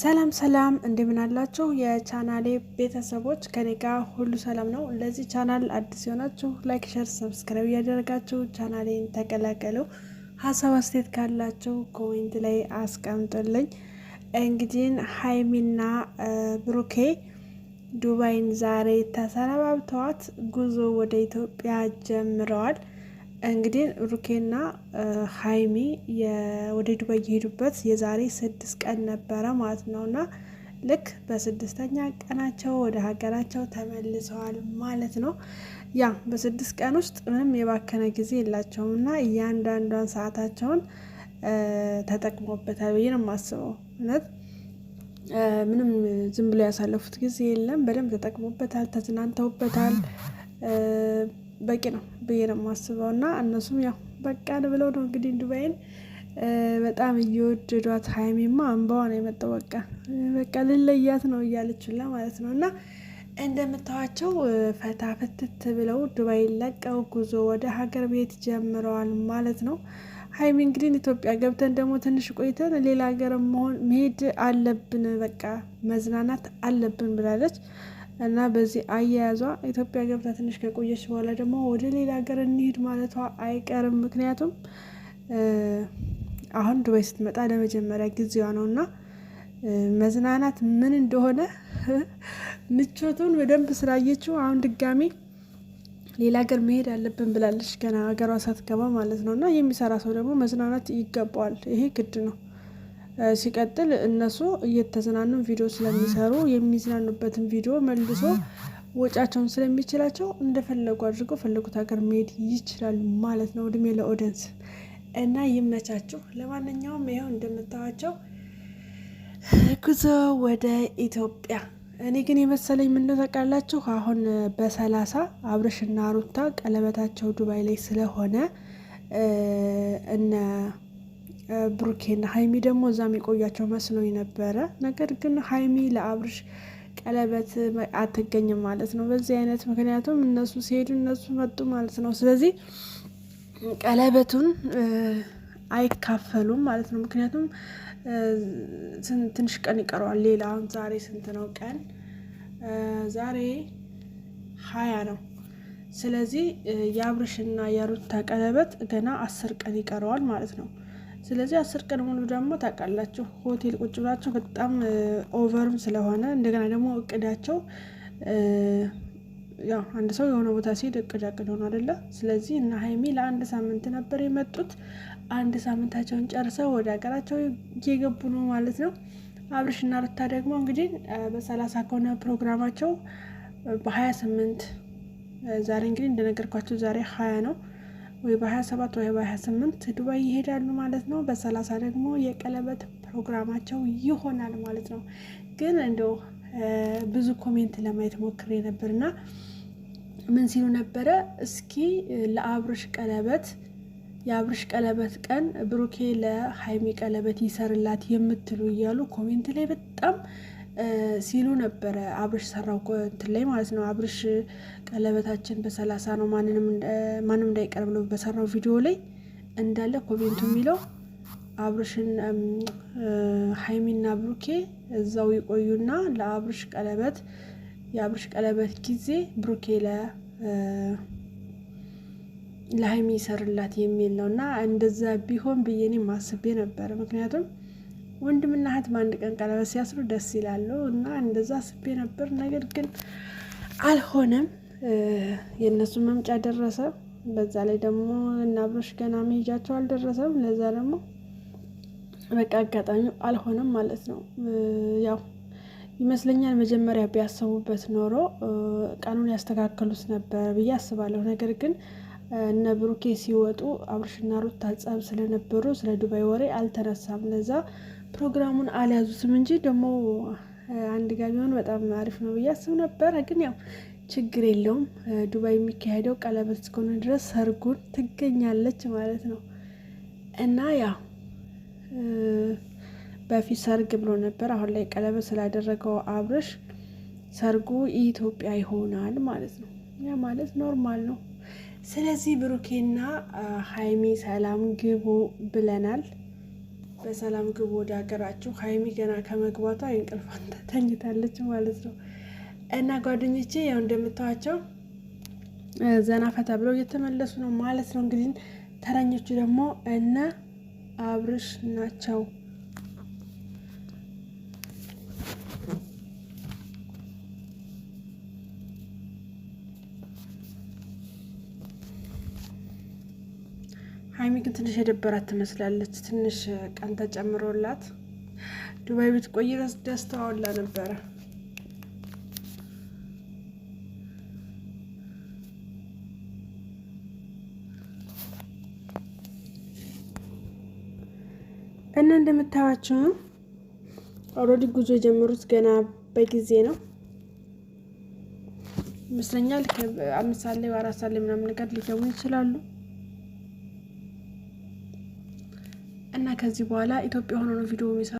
ሰላም ሰላም እንደምን አላችሁ የቻናሌ ቤተሰቦች፣ ከኔ ጋር ሁሉ ሰላም ነው። ለዚህ ቻናል አዲስ የሆናችሁ ላይክ፣ ሸር፣ ሰብስክራይብ እያደረጋችሁ ቻናሌን ተቀላቀሉ። ሀሳብ አስተያየት ካላችሁ ኮሜንት ላይ አስቀምጡልኝ። እንግዲህ ሀይሚና ብሩኬ ዱባይን ዛሬ ተሰነባብተዋት ጉዞ ወደ ኢትዮጵያ ጀምረዋል። እንግዲህ ሩኬና ሀይሚ ወደ ዱባይ የሄዱበት የዛሬ ስድስት ቀን ነበረ ማለት ነው እና ልክ በስድስተኛ ቀናቸው ወደ ሀገራቸው ተመልሰዋል ማለት ነው። ያ በስድስት ቀን ውስጥ ምንም የባከነ ጊዜ የላቸውም እና እያንዳንዷን ሰዓታቸውን ተጠቅሞበታል ብዬ ነው የማስበው። እውነት ምንም ዝም ብሎ ያሳለፉት ጊዜ የለም። በደንብ ተጠቅሞበታል፣ ተዝናንተውበታል። በቂ ነው ብዬ ነው የማስበው። እና እነሱም ያው በቃን ብለው ነው እንግዲህ ዱባይን በጣም እየወደዷት። ሀይሜማ አንባዋ ነው የመጣው። በቃ በቃ ልለያት ነው እያለችላ ማለት ነው። እና እንደምታዋቸው ፈታ ፍትት ብለው ዱባይን ለቀው ጉዞ ወደ ሀገር ቤት ጀምረዋል ማለት ነው። ሀይሚ እንግዲህ ኢትዮጵያ ገብተን ደግሞ ትንሽ ቆይተን ሌላ ሀገር መሄድ አለብን፣ በቃ መዝናናት አለብን ብላለች። እና በዚህ አያያዟ ኢትዮጵያ ገብታ ትንሽ ከቆየች በኋላ ደግሞ ወደ ሌላ ሀገር እንሂድ ማለቷ አይቀርም። ምክንያቱም አሁን ዱባይ ስትመጣ ለመጀመሪያ ጊዜዋ ነው እና መዝናናት ምን እንደሆነ ምቾቱን በደንብ ስላየችው አሁን ድጋሜ ሌላ ሀገር መሄድ አለብን ብላለች። ገና ሀገሯ ሳትገባ ማለት ነው እና የሚሰራ ሰው ደግሞ መዝናናት ይገባዋል። ይሄ ግድ ነው። ሲቀጥል እነሱ እየተዝናኑ ቪዲዮ ስለሚሰሩ የሚዝናኑበትን ቪዲዮ መልሶ ወጫቸውን ስለሚችላቸው እንደፈለጉ አድርገው ፈለጉት ሀገር መሄድ ይችላሉ ማለት ነው። እድሜ ለኦደንስ እና ይመቻችሁ። ለማንኛውም ይኸው እንደምታዋቸው ጉዞ ወደ ኢትዮጵያ። እኔ ግን የመሰለኝ ምነው ታውቃላችሁ፣ አሁን በሰላሳ አብርሽና ሩታ ቀለበታቸው ዱባይ ላይ ስለሆነ እነ ብሩኬና ሀይሚ ደግሞ እዛ የቆያቸው መስሎኝ ነበረ። ነገር ግን ሀይሚ ለአብርሽ ቀለበት አትገኝም ማለት ነው በዚህ አይነት ምክንያቱም እነሱ ሲሄዱ እነሱ መጡ ማለት ነው። ስለዚህ ቀለበቱን አይካፈሉም ማለት ነው። ምክንያቱም ትንሽ ቀን ይቀረዋል። ሌላውን ዛሬ ስንት ነው ቀን? ዛሬ ሀያ ነው። ስለዚህ የአብርሽና የሩታ ቀለበት ገና አስር ቀን ይቀረዋል ማለት ነው። ስለዚህ አስር ቀን ሙሉ ደግሞ ታውቃላችሁ ሆቴል ቁጭ ብላችሁ በጣም ኦቨርም ስለሆነ እንደገና ደግሞ እቅዳቸው ያው አንድ ሰው የሆነ ቦታ ሲሄድ እቅድ አቅድ ሆኖ አደለ። ስለዚህ እና ሀይሚ ለአንድ ሳምንት ነበር የመጡት። አንድ ሳምንታቸውን ጨርሰው ወደ ሀገራቸው እየገቡ ነው ማለት ነው። እና ሩታ ደግሞ እንግዲህ በሰላሳ ከሆነ ፕሮግራማቸው በሀያ ስምንት ዛሬ እንግዲህ እንደነገርኳቸው ዛሬ ሀያ ነው። ወይ በ27 ወይ በ28 ዱባይ ይሄዳሉ ማለት ነው። በ30 ደግሞ የቀለበት ፕሮግራማቸው ይሆናል ማለት ነው። ግን እንደው ብዙ ኮሜንት ለማየት ሞክሬ ነበርና ምን ሲሉ ነበረ? እስኪ ለአብርሽ ቀለበት የአብርሽ ቀለበት ቀን ብሩኬ ለሀይሚ ቀለበት ይሰርላት የምትሉ እያሉ ኮሜንት ላይ በጣም ሲሉ ነበረ። አብርሽ ሰራው እንትን ላይ ማለት ነው። አብርሽ ቀለበታችን በሰላሳ ነው ማንም እንዳይቀር ብሎ በሰራው ቪዲዮ ላይ እንዳለ ኮሜንቱ የሚለው አብርሽን ሀይሚና ብሩኬ እዛው ይቆዩና ለአብርሽ ቀለበት የአብርሽ ቀለበት ጊዜ ብሩኬ ለ ለሀይሚ ይሰርላት የሚል ነው እና እንደዛ ቢሆን ብዬ ማስቤ አስቤ ነበረ ምክንያቱም ወንድምና እህት በአንድ ቀን ቀለበት ሲያስሩ ደስ ይላሉ እና እንደዛ አስቤ ነበር። ነገር ግን አልሆነም። የእነሱ መምጫ ደረሰ። በዛ ላይ ደግሞ እና አብሮሽ ገና መሄጃቸው አልደረሰም። ለዛ ደግሞ በቃ አጋጣሚው አልሆነም ማለት ነው። ያው ይመስለኛል መጀመሪያ ቢያሰቡበት ኖሮ ቀኑን ያስተካከሉት ነበር ብዬ አስባለሁ። ነገር ግን እነ ብሩኬ ሲወጡ አብርሽና ሩታ ታጻብ ስለነበሩ ስለ ዱባይ ወሬ አልተነሳም። ለዛ ፕሮግራሙን አልያዙትም እንጂ ደግሞ አንድ ጋር ቢሆን በጣም አሪፍ ነው ብዬ አስብ ነበረ። ግን ያው ችግር የለውም። ዱባይ የሚካሄደው ቀለበት እስከሆነ ድረስ ሰርጉን ትገኛለች ማለት ነው እና ያው በፊት ሰርግ ብሎ ነበር። አሁን ላይ ቀለበት ስላደረገው አብርሽ ሰርጉ ኢትዮጵያ ይሆናል ማለት ነው። ያ ማለት ኖርማል ነው። ስለዚህ ብሩኬና ሀይሚ ሰላም ግቡ ብለናል። በሰላም ግቡ ወደ ሀገራችሁ። ሀይሚ ገና ከመግባቷ እንቅልፏን ተኝታለች ማለት ነው። እና ጓደኞቼ ያው እንደምታዋቸው ዘና ፈታ ብለው እየተመለሱ ነው ማለት ነው። እንግዲህ ተረኞቹ ደግሞ እነ አብርሽ ናቸው። ሀይሚ ግን ትንሽ የደበራት ትመስላለች። ትንሽ ቀን ተጨምሮላት ዱባይ ብትቆይ ደስታዋ ሁላ ነበረ። እና እንደምታዋቸው ኦልሬዲ ጉዞ የጀመሩት ገና በጊዜ ነው ይመስለኛል። አምስት ሰዓት ላይ አራት ሰዓት ላይ ምናምን ነገር ሊገቡ ይችላሉ። እና ከዚህ በኋላ ኢትዮጵያ ሆኖ ነው ቪዲዮ የሚሰራው።